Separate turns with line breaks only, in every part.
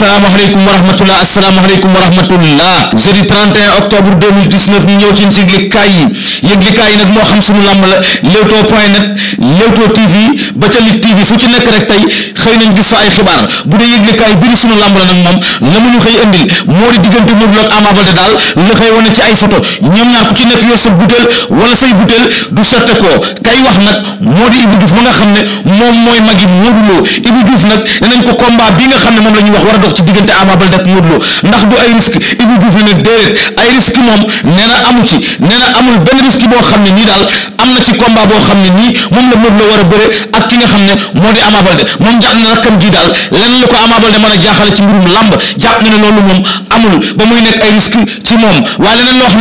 asalaamaaleykum wa rahmatullah asalaamaaleykum wa rahmatullah jeudi 31 octobre 2019 ñu ñëw ci yëglikaay yi yëglikaay yi nag moo xam suñu làmb la Leewtoo point net Leewtoo TV ba ca Lutte TV fu ci nekk rek tey xëy nañ gis fa ay xibaar bu dee yëglikaay biri suñu làmb la nag moom la mu ñu xëy andil moo di diggante Modou Lo ak Ama Baldé daal la xëy wane ci ay photo ñoom ñaar ku ci nekk yor sa butéel wala say butéel du sette ko kay wax nag moo di Ibou Diouf ma nga xam ne moom mooy magi Modou Lo Ibou Diouf nag danañ ko combat bi nga xam ne moom la ñuy wax war a dox ci diggante Ama Baldé ak Modou Lô ndax du ay risque Ibou Diouf ne déedéet ay risque moom nee na ci nee amul benn risque boo xam ne nii moom la Modou Lô war a bëre ak ki nga xam ne moo di Ama Baldé moom jàpp na rakkam ji daal lenn lu ko Ama Baldé mën a jaaxale ci mbirum làmb jàpp na ne loolu moom amul ba muy nekk ay risque ci ne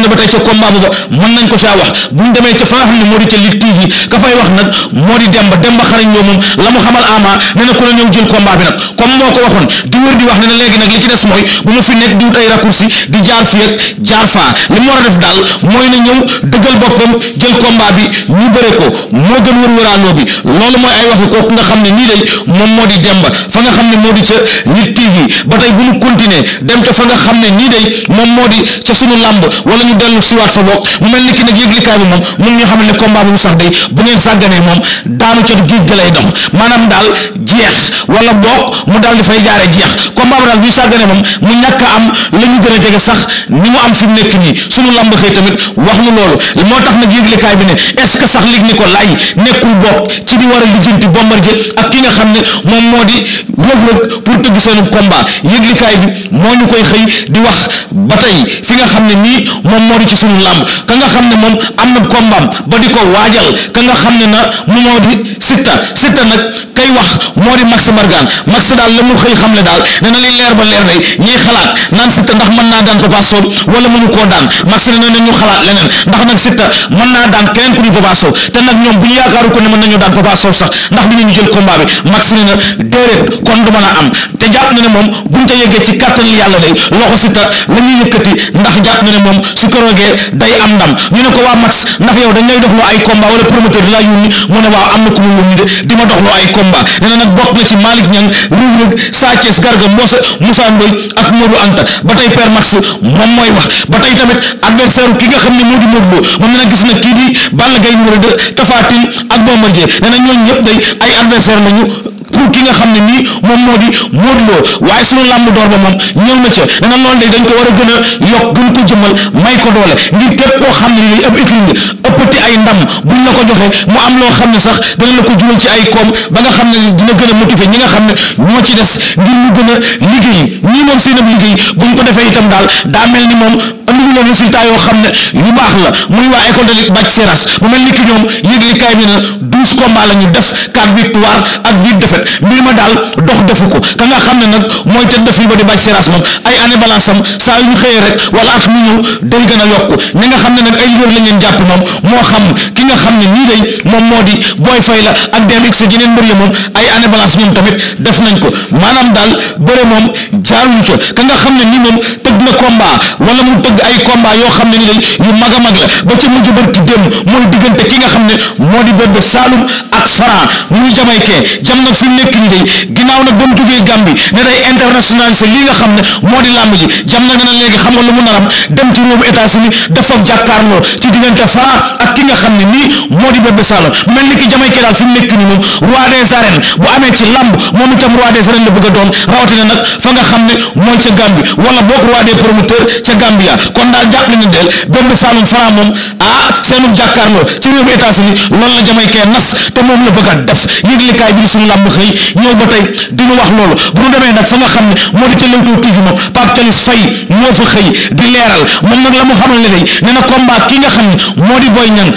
ba tey ca combat booba mën nañ ko caa wax buñ demee ca fa nga xam ne moo di ca nag moo di Demba Demba xarañ ñoo moom la mu xamal Ama nee ku la ñëw jël combat bi nag comme moo ko waxoon di wër di wax ne na léegi nag li ci des mooy bu ma fi nekk di wut ay raccourci di jaar fii ak jaar faa li mu war a def daal mooy na ñëw dëggal boppam jël combat bi ñu bëre ko moo gën wër wëraanoo bi loolu mooy ay waxi kooku nga xam ne nii lay moom moo di demba fa nga xam ne moo di ca nit TV ba tey bu ñu continuer dem ca fa nga xam ne nii day moom moo di ca sunu làmb wala ñu dellu siwaat fa bokk mu mel ni ki nag yëglikaay bi moom mu ngi xamal ne combat mu sax day bu ngeen sàgganee moom daanu ca géej ga lay dox maanaam daal jeex wala bokk mu daal di fay jaare lamb am daal bu ñu sàggane moom mu ñàkk a am la ñu gën a am fi mu nekk nii suñu lamb xëy tamit wax nu loolu moo tax nag yëglekaay bi ne est-ce que sax lig ni ko lay nekkul bopp ci di war a lijjanti bombardier ak ki nga xam ne moom moo di rëg-rëg pour tëgg seenu combat yëglekaay bi moo ñu koy xëy di wax ba tey fi nga xam ne nii moom moo di ci suñu lamb ka nga xam ne moom am na combat ba di ko waajal ka nga xam ne na mu moo di sitta sitta nag kay wax moo di max margan max daal la mu xëy xam ne daal na li leer ba leer day ñuy xalaat naan Siteu ndax mën naa daan Papa Sow wala mënu koo daan mag si ne ne ñu xalaat leneen ndax nag Siteu mën naa daan keneen ku ñu Papa Sow te nag ñoom bu ñu yaakaaru ne mën na déedéet a am jàpp na ne moom buñ la ñuy yëkkati ndax jàpp na ne moom su ko roogee day am ndam ñu ne ko waa max ndax yow dañ lay dox ay combat wala promoteur la yónni mu ne waaw am na ku mu yónni de di ma dox ay combat nee nag bokk na ci Malick Niang Reug Reug Sa Thiès Bosse Moussa Ndoye ak Modou Anta ba tey Père Max moom mooy wax ba tay tamit adversaire ki nga xam ne moo di Modou Lo moom na gis na kii di Balla Gaye numéro 2 Tapha Tine ak Bombardier nee na ñooñu ñëpp day ay adversaire lañu pour ki nga xam ne nii moom moo di Modou Lo waaye suñu làmb door ba moom ñëw na ca dana loolu da dañ ko war a gën a yokk gën ko jëmal may ko doole ngir képp koo xam ne nii ëpp écrit nga ëppati ay ndam buñ la ko mu am loo xam ne sax dana la ko jural ci ay koom ba nga xam ne dina gën a motiver ñi nga xam ne ñoo ci des ngir ñu gën a liggéey ñii moom seen ab liggéey buñ ko defee tam daal daa ni moom li ñu résultat yoo xam ne yu baax la muy waa école de lutte Bac Seras mu mel ni ki ñoom yëgle kaay bi na douze combats la def quatre ma daal dox defu ko ka nga xam ne nag mooy tëdd fii ba di Bac Seras moom ay année balance am saa yu ñu xëyee a moo di booy fay la ak DMX yeneen mbër ya moom ay année balance ñoom tamit def nañ ko maanaam daal bëre moom jaaruñu ca ka nga xam ne nii moom tëgg na combat wala mu tëgg ay ñetti combat yoo xam ne ni day yu mag a mag la ba ca mujj barki démb mooy diggante ki nga xam ne moo di bébé Saloum ak Franc muy jamaykee jam nag fi mu nekk nii ginnaaw nag ba mu jógee Gambie ne day internationalisé lii nga xam ne moo di làmb ji jam nag ne na léegi xam nga lu mu naram dem ci réewu États-Unis dafa jàkkaarloo ci diggante Franc ak ki nga xam ne nii moo di bébé Saloum mel ni ki jamaykee daal fi mu nekk nii moom roi des arènes bu amee ci làmb moom itam roi des arènes la bëgg a doon rawatina nag fa nga xam ne mooy ca Gambie wala boog roi des promoteurs ca Gambia kon daal jàpp na deel benn Saalum Franc moom ah seenu jàkkaarloo ci réewu États-Unis loolu la jamaykee nas te moom la bëgg a def yëglikaay bi di suñu làmb xëy ñëw ba tey di ñu wax loolu bu ñu demee nag sama xam ne moo di ca Leewtoo TV moom Pape Thialis Faye moo fa xëy di leeral moom nag la mu xamal ne day nee na combat ki nga xam ne moo di Boy Niang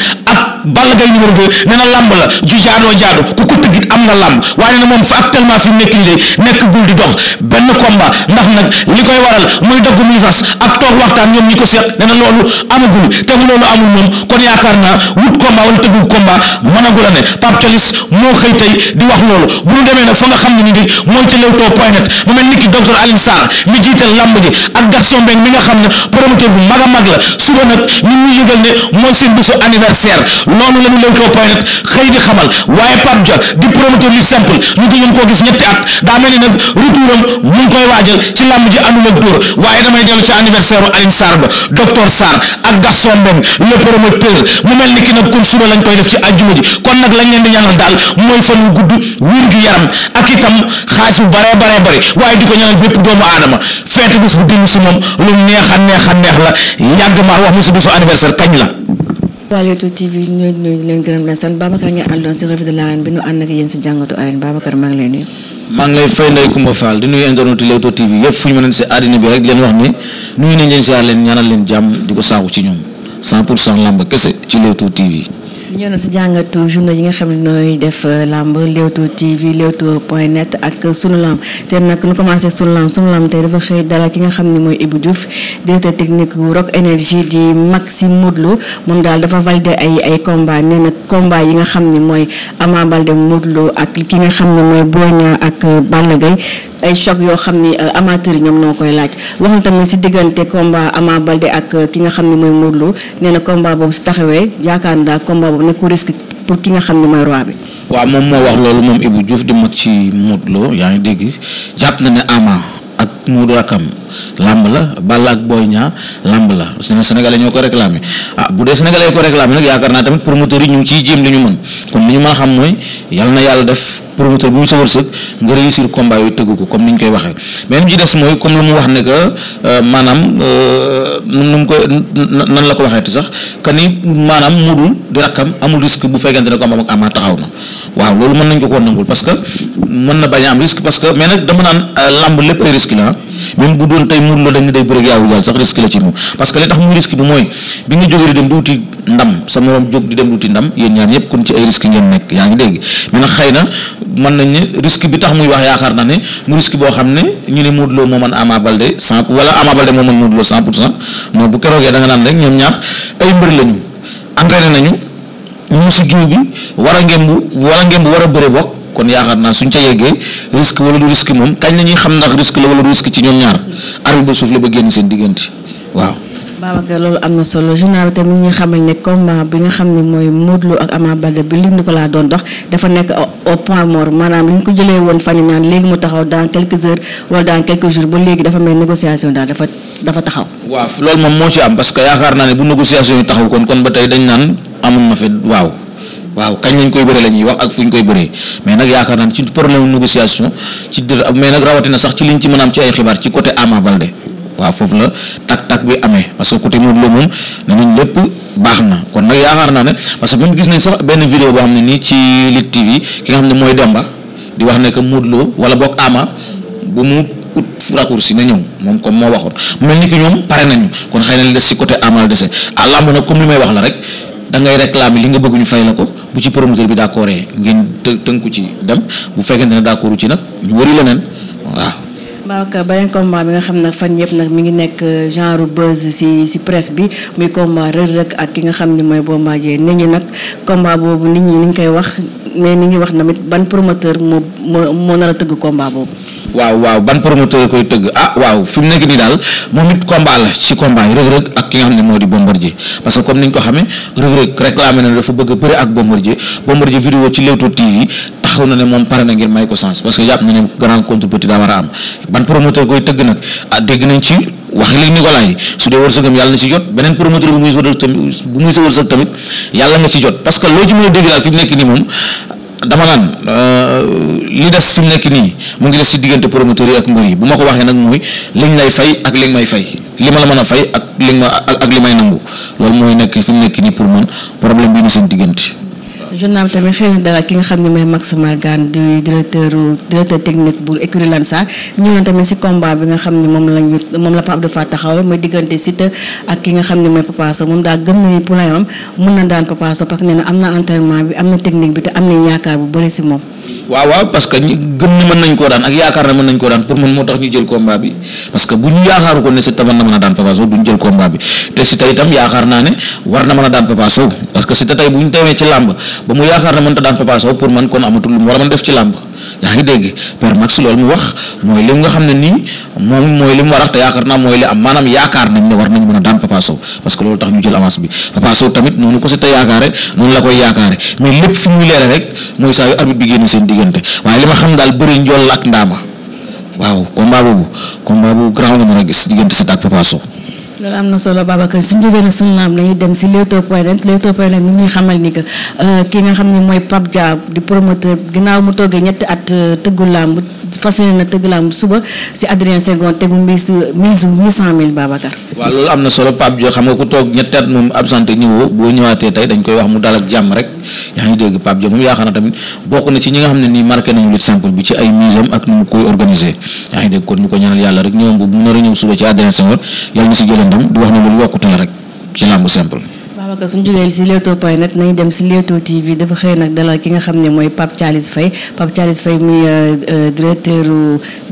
Balla Gaye numéro 2 nee na lamb la ju jaadoo jaadu ku ko tëggit am na lamb waaye nag moom fa actuellement fi mu nekk nii nekk gul di dox benn combat ndax nag li koy waral muy dagg muy fas ak toog waxtaan ñoom ñi ko seet nee na loolu amagul te mu loolu amul moom kon yaakaar naa wut combat wala tëggul combat mën a gula ne Pape Thialis moo xëy tey di wax loolu bu demee nag fa nga xam ne ni di mooy ca Leewtoo point net mu mel ni ki docteur Alioune mi jiital lamb ji ak Gaston Mbengue mi nga xam ne promoteur bu mag a mag la suba nag ñu ngi yëgal ne mooy seen bésu anniversaire noonu la ñu Leewtoo point net xëy di xamal waaye Pape Dia di promoteur lu simple ñu gëjoon koo gis ñetti at daa mel ni nag retouram mu ngi koy waajal ci làmb ji àndul ak dóor waaye damay dellu ci anniversaire Alioune Sarr ba docteur Sarr ak Gaston Mbengue le promoteur mu mel ni ki nag kon suba lañ koy def ci àjjuma ji kon nag lañ leen di ñaanal daal mooy fan wu gudd wér gi yaram ak itam xaalis bu baree bare bari waaye di ko ñaanal bépp doomu aadama feete bés bu dindi si moom lu neex a neex a neex la yàgg maa wax mu si bésu anniversaire kañ la
waa Leewtoo TV si revue de l'arène bi ñu ànd ak si jàngatu arène Babacar maa ngi lay nuyu.
maa ngi lay fay Ndeye di nuyu internet Leewtoo TV yëpp fu ñu mën a si àddina bi rek leen wax ne nuyu nañ leen si leen ñaanal leen jàmm di ko saaku ci ñoom 100 pour 100 làmb kese ci Leewtoo TV.
li na si jàngatu journée yi nga xam ne nooy def euh, làmb Leewtoo TV Leewtoo point net ak sunu làmb te nag nu commencé sunu làmb sunu làmb tey dafa xëy dalal ki nga xam ni mooy Ibou Diouf directeur technique wu Rock Énergie di mag Modou Lo moom daal dafa validé ay ay combat nee na combat yi nga xam ni mooy Ama Baldé Modou ak ki nga xam ne mooy Boy ak euh, Balla Gaye ay choc yoo xam ni euh, amateurs yi ñoom noo koy laaj wax na tamit si diggante combat Ama Baldé ak euh, ki nga xam ne mooy Modou Lô nee na combat boobu si taxawee yaakaar naa combat boobu nekku risque pour ki nga xam ne mooy roi bi.
waaw moom moo loolu moom Ibou Diouf di mag ci Modou Lô yaa ngi dégg na ne Ama ak Modou rakam lamb la Balla ak Boy Niang la suñu sénégalais ñoo ko réclamé ah bu dee sénégalais ñoo ko réclamé nag yaakaar naa tamit promoteurs yi ñu ngi ciy jéem li ñu mën kon li ñu mën xam mooy yal na yàlla def. promoteur bu mu sa wërsëg nga réussir combat yooyu tëgg ko comme ni ñu koy waxee mais li ci des mooy comme lu mu wax ne euh, maanaam euh, nu mu ko nan la ko sax que ni maanaam Modou di rakkam amul risque bu fekkente ne combat ak Ama taxaw na waaw loolu mën nañ ko koo nangul parce que mën na bañ a am risque parce que mais nag dama naan euh, lamb lépp ay risque la même bu doon tey Modou la dañ ne day bëre ak Yawou sax risque la ci moom parce que li tax muy risque bi mooy bi nga jógee dem di wuti ndam sa morom jóg di dem wuti ndam yéen ñaar ñëpp kon ci ay risque ngeen nekk yaa ngi dégg mais nag xay na mën nañ ne risque bi tax muy wax yaakaar naa ne mu risque boo xam ne ñu ne Modou Lo moo mën Ama Baldé cent wala Ama Baldé moo mën Modou Lo cent pour bu keroogee da nga naan rek ñaar ay mbër lañu entraîné nañu ñu si giw bi war a ngemb war a war a bëre bokk kon yaakaar naa suñ ca yeggee risque wala du risque moom kañ na ñuy xam ndax risque la wala du risque ci ñoom ñaar arbitre ba suuf la ba génn seen diggante waaw
Babacar loolu am na solo journal bi tamit ñu xamal ne combat euh, bi nga xam ne mooy Modou Lo ak Ama Baldé bi Luc Nicolaï doon dox dafa nekk au point mort maanaam li ñu ko jëlee woon fan yi naan léegi mu taxaw dans quelques heures wala dans quelques jours ba léegi dafa mel négociation daal dafa taxaw.
waaw loolu moom moo ci am parce que yaakaar naa ne bu négociation yi taxaw kon kon ba tey dañ naan amoon na fi waaw. waaw kañ lañ koy bëree la ñuy wax ak fu ñu yaakaar naa ci problème négociation ci mais nag rawatina sax ci liñ ci mën a am ci ay Ama waaw foofu la tak-tak bi amee parce que côté Modou Lo moom ne nañ lépp baax na kon nag yaakaar naa ne parce que même gis nañ sax benn vidéo boo xam ne nii ci Lutte TV ki nga xam ne mooy Demba di wax ne que Modou Lo wala boog Ama bu mu ut raccourci na ñëw moom comme moo waxoon mel ni ki ñoom pare nañu kon xëy na li des si côté Ama la dese ah làmb nag comme li may wax la rek da ngay réclamer li nga bëgg ñu fay la ko bu ci promoteur bi d'accord ngeen të tënku ci dem bu fekkente ne d'accord ci nag ñu wari leneen waaw.
waaw beneen combat bi nga xam nag fan yëpp nag mi ngi nekk euh, genre buzz si si presse bi muy combat Reug Reug ak ki nga xam ne mooy Bombardier nit ñi nag combat boobu ni ñu koy wax mais ni ngi wax tamit ban promoteur moo moo moo nar a tëgg combat
waaw waaw ban promoteur koy tëgg ah waaw fi mu nekk nii daal moom it combat la moo di Bombardier parce que comme ni ñu ko xamee Reug Reug réclamé na dafa bëgg a bëri ak Bombardier Bombardier vidéo ci Leewtoo TV. taxaw na ne moom pare na ngir may ko sens parce que jàpp na ne grand contre petit daa war a am ban promoteur koy tëgg nag ah, dégg nañ ci waxi li Nicolas yi su dee yàlla na beneen promoteur bu muy wërsëg tamit yàlla nga ci jot parce que loo ci mën a dégg daal fi mu nekk nii moom dama naan euh, li des fi mu nekk nii mu ngi des ci diggante promoteurs yi ak mbër yi bu ma ko waxee nag mooy liñ lay fay ak li nga fay li ma la mën a fay ak li ma ak li may nangu loolu mooy nekk fi mu nekk nii pour man problème bi ñu seen diggante.
journal tamit xëy na dara ki nga xam ne mooy Max Margan di directeur directeur technique bu écurie Lansar ñëw na tamit si combat bi nga xam ne moom lañu moom la
Pape parce que nee na mën nañ koo daan ak yaakaar na mën nañ koo daan pour man moo tax ñu jël combat bi parce que bu ñu yaakaaru ko ne Siteu mën na mën a daan Papa duñ jël combat bi te Siteu itam yaakaar naa ne war na mën a daan Papa parce que Siteu tey bu ñu tewee ci làmb ba mu yaakaar na mënta daan Papa pour man kon amatul lu mu war a mën def ci làmb yaa ngi dégg Père Max loolu mu wax mooy li nga xam ne nii moom mooy li mu a te yaakaar naa mooy li am maanaam nañ war nañ mën a daan Papa Sow parce que loolu tax ñu jël avance bi Papa tamit noonu ko si te yaakaare noonu la koy yaakaare mais lépp fi muy leere rek mooy saa yu arbitre bi génn seen diggante waaye li ma xam daal bëri njool la ak ndaama waaw combat boobu boobu grand a gis diggante
loolu am na solo Babacar suñu jógee nag suñu laam lañuy dem si Leewtoo point net Leewtoo point net mi ñuy xamal ni que euh, ki nga xam ne mooy Pape Dia di promoteur ginnaaw mu toggee ñetti at euh, tëggul làmb fas yéene na tëgg làmb suba si Adrien Senghor tegu mise mise huit cent mille loolu
am na solo Pape joo xam nga ko toog ñettaat at moom absenté niveau boo ñëwaatee tey dañ koy wax mu dal ak jàmm rek yaa ngi dégg Pape Diop moom yaakaar na tamit na ci ñi nga xam ne nii marqué nañu lutte simple bi ci ay mise ak mu koy organisé yaa ngi dégg kon ñu ko ñaanal yàlla rek ñëwam bu mu nar a ñëw suba ci Adrien Senghor yàlla ñu si jëlee ndam wax ne loolu yokkute rek ci làmb simple.
Babacar suñu jógee si Leewtoo point net nañu dem si Leewtoo TV dafa euh,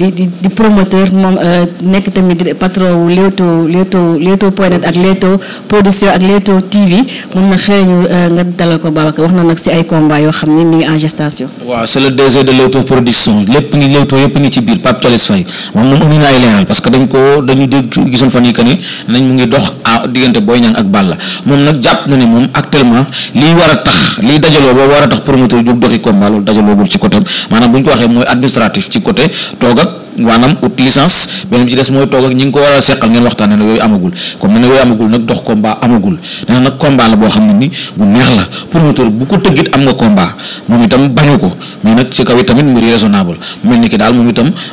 euh, moom euh, nekk tamit patron wu Leewtoo Leewtoo Leewtoo point net ak Leewtoo production ak Leewtoo TV moom nag xëy nañu nga dalal ko Babacar wax na nag si ay combat yoo xam ne mu ngi en gestation.
waaw c'est le DG de Leewtoo production lépp ngi Leewtoo yëpp ngi ci biir Pape Thialis Faye moom moom indi na ay leeral parce que dañ ko dañu dégg gisoon fan yii que nañ mu ngi dox diggante Boy Niang ak Balla moom nag jàpp na ne moom actuellement lii war a tax lii dajaloo boobu war a tax promoteur jóg doxi combat loolu dajaloo bul ci côté maanaam bu ko waxee mooy administratif ci côté toog ak maanaam ut licence benn bi des mooy toog ak ngi ko war a seqal ngeen waxtaan ne na yooyu amagul comme ne la boo xam neex la promoteur bu ko tëggit am nga combat moom itam bañu ko moom itam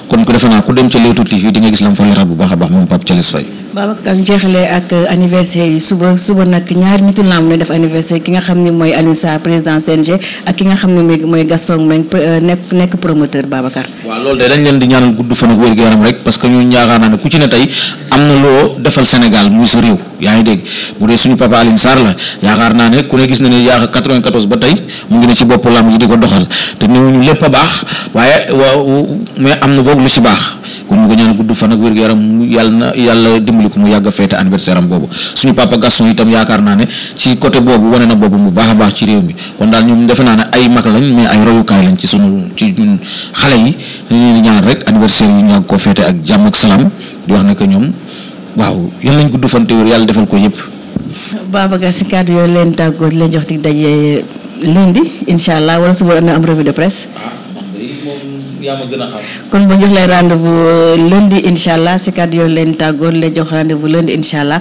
kon ko defe naa ku dem ca Leewtoo TV di nga gis lam fa leeral bu baax a baax moom Pape Thialis Faye
Babacar ñu jeexalee ak euh, anniversaire yi suba suba nag ñaari nitu lamb ne def anniversaire ki nga xam ne mooy Alioune mooy euh, nekk promoteur Babacar.
waaw loolu de dañ leen di ñaanal gudd fan ak wér gu yaram rek parce que ñun yaakaar naa ne ku ne tey na ne ne gis na ne yaa 94 ba tey mu ngi ne ci bopp lamb ji di ko doxal te néewuñu lépp a baax waaye waaw am na boog lu si baax kon ñu ko ñaan gudd fan ak wér gu yaram yàlla na yàlla fàttaliku mu yàgg a feete anniversaire am boobu suñu papa Gaston itam yaakaar naa ne ci côté boobu wane na boobu mu baax a baax ci réew mi kon daal ñoom defe naa ne ay mag lañ mais ay royukaay lañ ci sunu ci ñun xale yi ñu ñaan rek anniversaire yi ñu yàgg ko feete ak jàmm ak salaam di wax ne que ñoom waaw yàlla nañ gudd fan yàlla defal ko yëpp.
Babacar si kàddu yooyu leen tàggoo di leen jox dig daje lundi incha allah a suba na am revue de presse. Ah, yaa ma gën a xam. kon ma jox leen rendez-vous euh, lundi incha allah si kàddu yoon leen tàggoon leen jox rendez-vous lundi incha allah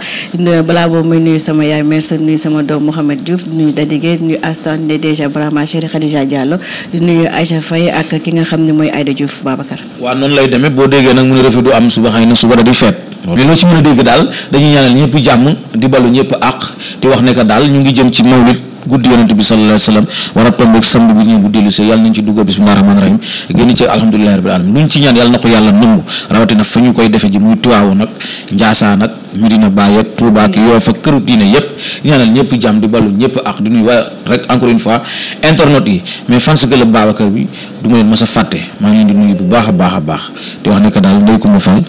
balaa boobu may nuyu sama yaay merci nuyu sama doom Mouhamed Diouf di nuyu Dadigé di nuyu Astan ne dèjà Brahma Chéri Khadija di nuyu Aïcha Faye ak ki nga xam ne mooy Aïda Diouf Babacar.
waaw noonu lay demee boo déggee nag mu ne du am suba xëy na suba da di feet. mais loo ci mën a dégg daal dañuy ñaanal ñëpp jàmm di balu ñëpp àq di wax ne daal ñu ngi guddi yonent bi sallallahu alayhi wa sallam war a bi ñu guddi lu see yàlla nañ ci duggoo bismillahi rahmaani rahim génn ci alhamdulillahi rabbil alamin luñ ci ñaan yàlla na ko yàlla nangu rawatina fa ñu koy defe ji muy tuwaawu nag njaasaan ak Medina Baye ak Touba ak Yoff di ballu ñëpp ak di nuyu waaye rek encore une fois internet yi mais fans club Babacar bi du ma leen mas a fàtte maa ngi leen di baax a baax a baax te wax ne que daal ndey ko ma fal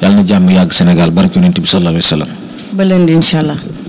yàlla na jàmm yàgg Sénégal barke yonent
ba leen di incha allah